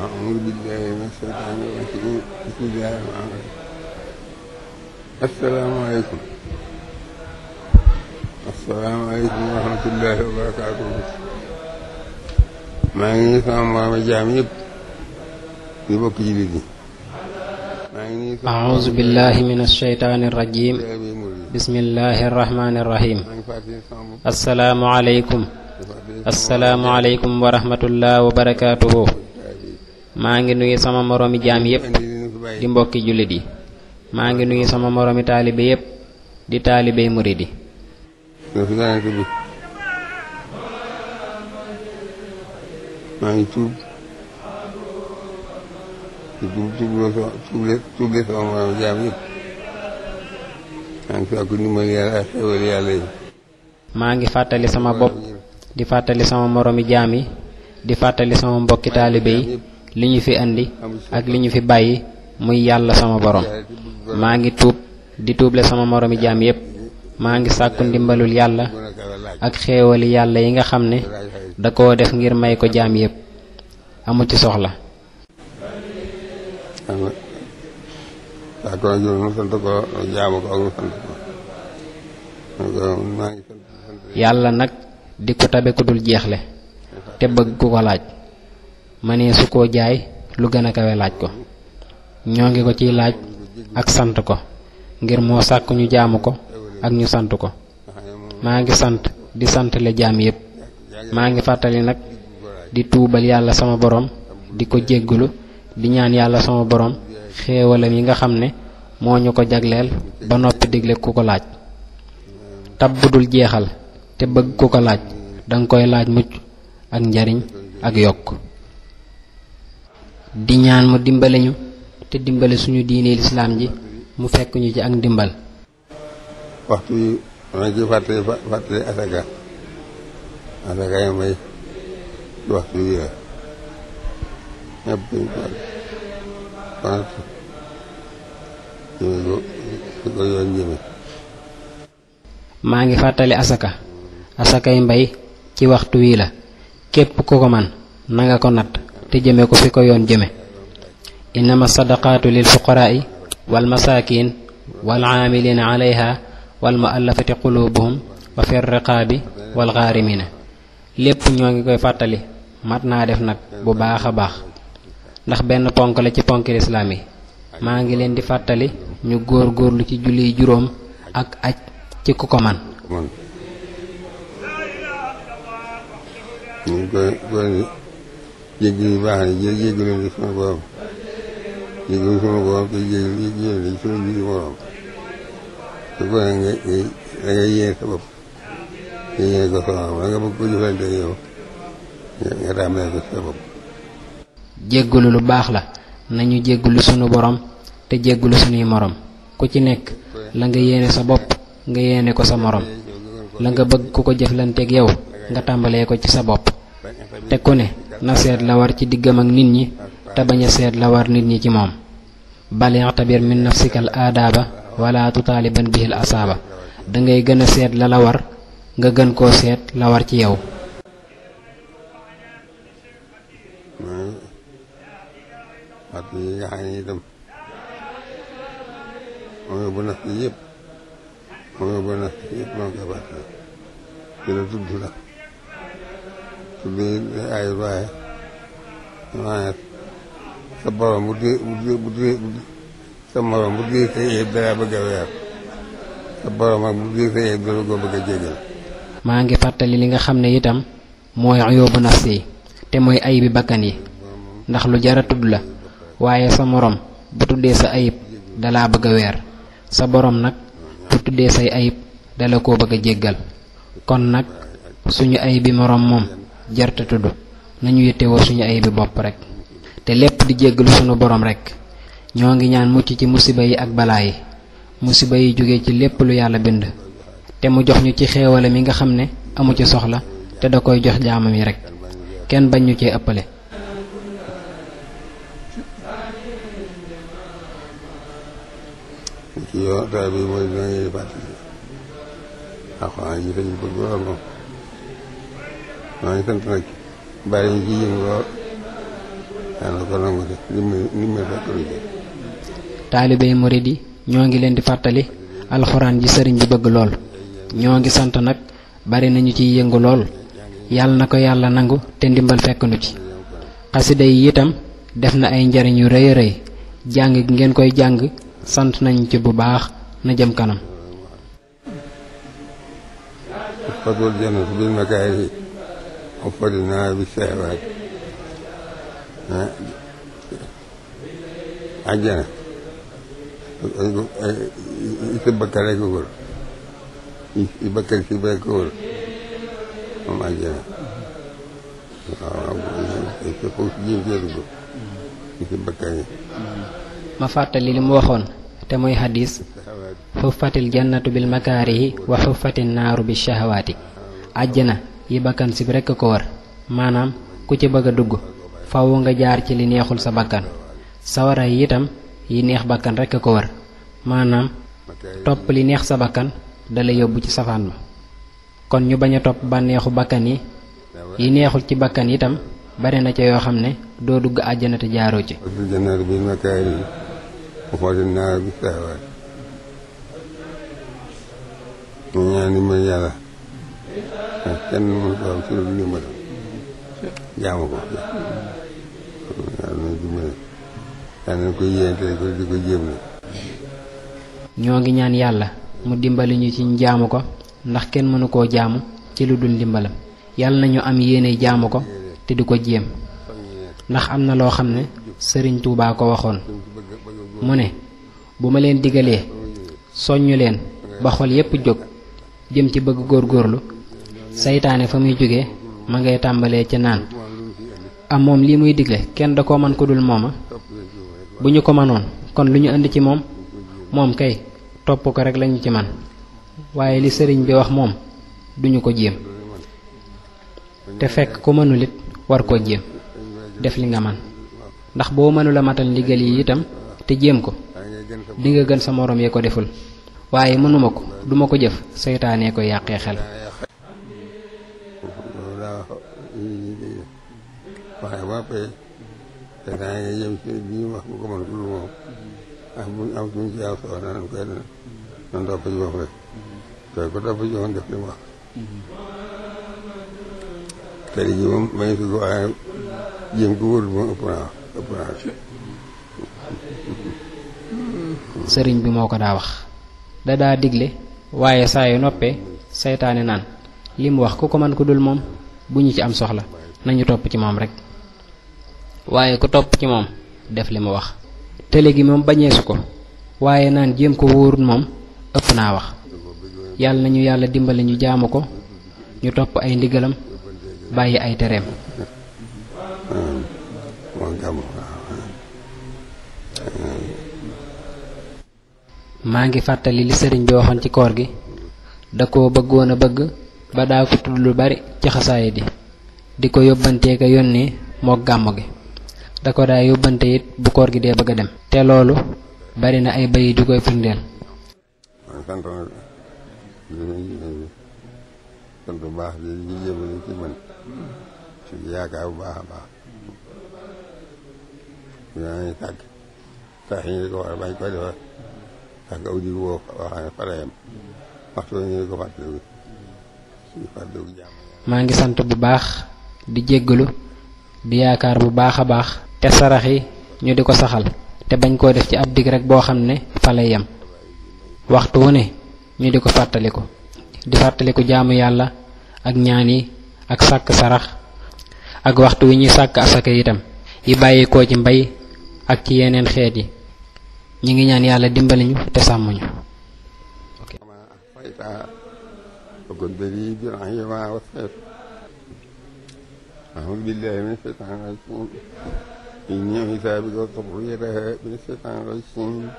أعوذ بالله من الشيطان الرجيم بسم الله الرحمن الرحيم السلام عليكم السلام عليكم ورحمة الله وبركاته maa ngi nuyu sama moroom jaam yëpp ñu bokk ci biir bi أعوذ بالله من الشيطان الرجيم بسم الله الرحمن الرحيم السلام عليكم السلام عليكم ورحمة الله وبركاته maa ngi nuyu sama moroomi jaam yépp di mbokki jullit yi maa ngi nuyu sama moroomi taalibe yépp di taalibey murid yi maa ngi tuub di tuub tuublee sama moroomi jaam yépp maa ngi fàttali sama bopp di fàttali sama moroomi jaam yi di fàttali sama mbokki taalibe yi li ñu fi indi ak li ñu fi bàyyi muy yàlla sama borom maa ngi tuub di tuuble sama moroomi jaam yépp maa ngi sàkku ndimbalul yàlla ak xéewali yàlla yi nga xam ne da koo def ngir may ko jaam yépp amu ci soxla yàlla nag di ko tabe ku dul jeexle te bëgg ku ko laaj manee su koo jaay lu gën a kawe laaj ko ñoo ngi ko ciy laaj ak sant ko ngir moo sàkk ñu jaamu ko ak ñu sant ko maa ngi sant di santale jaam yépp maa ngi fàttali nag di tuubal yàlla sama borom di ko jéggalu di ñaan yàlla sama borom xéewalam yi nga xam ne moo ñu ko jagleel ba noppi digle ku ko laaj tab bu dul jeexal te bëgg ku ko laaj danga koy laaj mucc ak njariñ ak yokk di ñaan mu dimbale ñu te dimbale suñu diine lislaam ji mu fekk ñu ci ak ndimbal maa ngi fàttali asaka asakay mbay ci waxtu wii la képp ku man nanga ko natt te jëme ko fi ko yoon jëme innama sadaqaatu lil fuqaraai wal masaakin wal aamiliina alayha wal muallafati qulubuhum wa fir riqaabi wal gaarimina lépp ñoo ngi koy fàttali mat naa def nag bu baax a baax ndax benn ponk la ci ponki lislaam yi maa ngi leen di fàttali ñu góor góorlu ci julli juróom ak aj ci ku ko man jéggi baax na jé jéggiloon di sunu borom jéggiloon sunu borom te jéggiloon lu baax la nañu jéggalu sunu borom te jéggalu sunuy morom ku ci nekk la nga yéene sa bopp nga yéene ko sa morom la nga bëgg ku ko jëflanteeg yow nga tàmbalee ko ci sa bopp te ku ne. na seet la war ci diggam ak nit ñi te seet la war nit ñi ci moom bal ixtabir min nafsikal aadaaba wala tutaaliban bihil asaaba dangay gën seet la la nga gën koo seet la war ci yow a weer maa ngi fàttali li nga xam ne itam mooy ayóobu nafsi te mooy ayibi bakkan yi ndax lu jara la waaye sa morom bu tuddee sa ayib dalaa bëgg a weer sa borom nag bu tuddee say ayib dala koo bëgg jéggal kon nag suñu ayib bi moroom moom jarta tudd nañu yittewoo suñu ay bi bopp rek te lépp di jéggalu suñu boroom rekk ñoo ngi ñaan mucc ci musiba yi ak balaa yi musiba yi jóge ci lépp lu yàlla bind te mu jox ñu ci xéewale mi nga xam ne amu ci soxla te da koy jox jaamam yi rek kenn bañ ñu ci ëppale maa ngi ñoo ngi leen di fàttali alxuraan ji sëriñ bi bëgg lool ñoo ngi sant nag bari nañu ciy yëngu lool yàlla na ko yàlla nangu te ndimbal fekk ci. xasida yi itam def na ay njariñ yu rëy a jàng gi ngeen koy jàng sant nañu ci bu baax na jëm kanam. وفرنا بالشهوات àjjana sa bakkaar rek ko wër rek ko wër moom àjjana waaw foofu jiw see dugg si ma fàttali li mu waxoon te mooy xadis xuffatil jannatu bil makaarihi wa xuffati naaru bi shahawaati àjjana yi bàkkan sib rekk a ko war maanaam ku ci bëgg a dugg faaw nga jaar ci li neexul sa bakkan sawara yi itam yi neex bakkan rekk ko war maanaam topp li neex sa bakkan dala yóbbu ci safaan ma kon ñu bañ a topp bànneexu bakkan yi neexul ci bakkan itam bari na ca yoo xam ne doo dugg àjjana te jaaroo ci kenn ñoo ngi ñaan yàlla mu dimbali ñu ci jaamu ko ndax kenn mënu koo jaamu ci lu dul ndimbalam yàlla nañu am yéene jaamu ko te di ko jéem ndax am na loo xam ne sëriñ Tuubaa ko waxoon mu ne bu ma leen digalee soññu leen ba xol yépp jóg jëm ci bëgg góor góorlu seytaane fa muy jóge ma ngay tàmbalee ca naan am moom lii muy digle kenn da koo man ko dul mooma bu ñu ko manoon kon lu ñu indi ci moom moom kay topp ko rek lañu ci man waaye li sëriñ bi wax moom duñu ko jéem te fekk ko mënul it war koo jéem def li nga man ndax boo mënula matal ndigal yi itam te jéem ko dinga gën sa moroom yee ko deful waaye mënuma ko duma ko jëf seytaanee ko yàqee xel jàppee bi sëriñ bi moo ko daa wax da daa digle waaye saa yu noppee saytaane naan li mu wax ku ko man ku dul moom bu ñu ci am soxla nañu topp ci moom rek waaye ku topp ci moom def li mu wax télé gi moom bañeesu ko waaye naan jéem ko wóorul moom ëpp naa wax yàlla nañu yàlla dimbali ñu jaamu ko ñu topp ay ndigalam bàyyi ay tereem maa ngi fàttali li sëriñ bi waxoon ci koor gi da koo bëggoon a bëgg ba daa ko tudd lu bari ci xasaayid yi di ko yóbbanteeka yónnee moo gàmm gi da ko daa yóbbante it bu koor gi dee bëgg dem te loolu bari na ay bayit yu koy baax bu baax a baax ñaa aw di woo waxaa maa ngi sant bu baax di jéggalu di yaakaar bu baax a baax te sarax yi ñu di ko saxal te bañ koo def ci ab digg rek boo xam ne fa lay yem waxtu wu ne ñu di ko fàttaliku di fàttaliku jaamu yàlla ak ñaan yi ak sàkk sarax ak waxtu wi ñuy sàkk asaka itam yi bàyyikoo ci mbay ak ci yeneen xeet yi ñu ngi ñaan yàlla dimbali ñu te sàmm إني حسابك وتطويرها من الشيطان الرجيم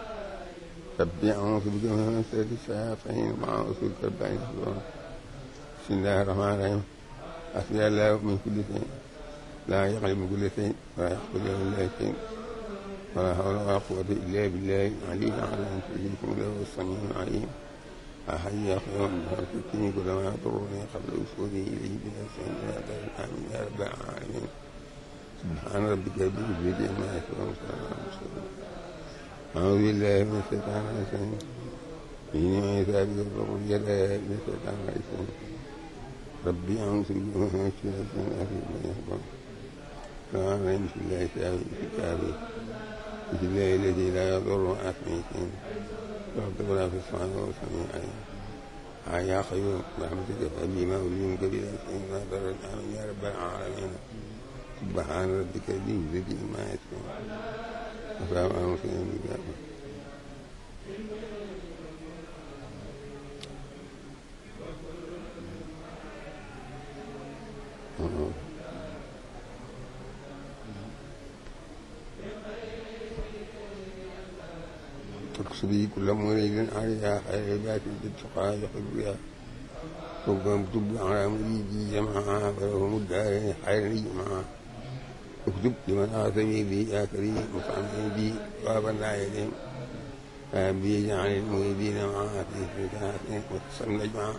سبح أعوذ بك من شر الشياطين وأعوذ بك رب بسم الله الرحمن الرحيم حسبي الله من كل شيء لا يغلب من كل شيء ولا يحفظ إلا شيء ولا حول ولا قوة إلا بالله العلي العظيم سيدكم له السميع العليم أحي يا خير المحاكمين كلما تروني قبل وصولي إليه بنفسي آمين يا رب العالمين سبحان ربك رب العزة عما يصفون أعوذ بالله من الشيطان الرجيم إني من ثابت الرقم جلاء من الشيطان الرجيم ربي أعوذ بك من الشيطان الرجيم من يحفظ سبحان رحيم بسم الله الشافي الشافي بسم الله الذي لا يضر مع اسمه شيء ربك ولا في السماء والسميع عليم يا قيوم برحمتك فبما أوليمك بلا شيء ما ضرر يا رب العالمين سبحان ربك ذي العزة عما يصفون وسلام على المرسلين تقصدي كل مريد عليها خير بات للتقى يحبها ربما تب على مريدي جمعها فلهم الدارين خير جمعها اكتب لمن عاصمي بي يا كريم وطعمني بي بابا لا يليم بي جعل المريدين معاتي في كناتي واتصل نجمع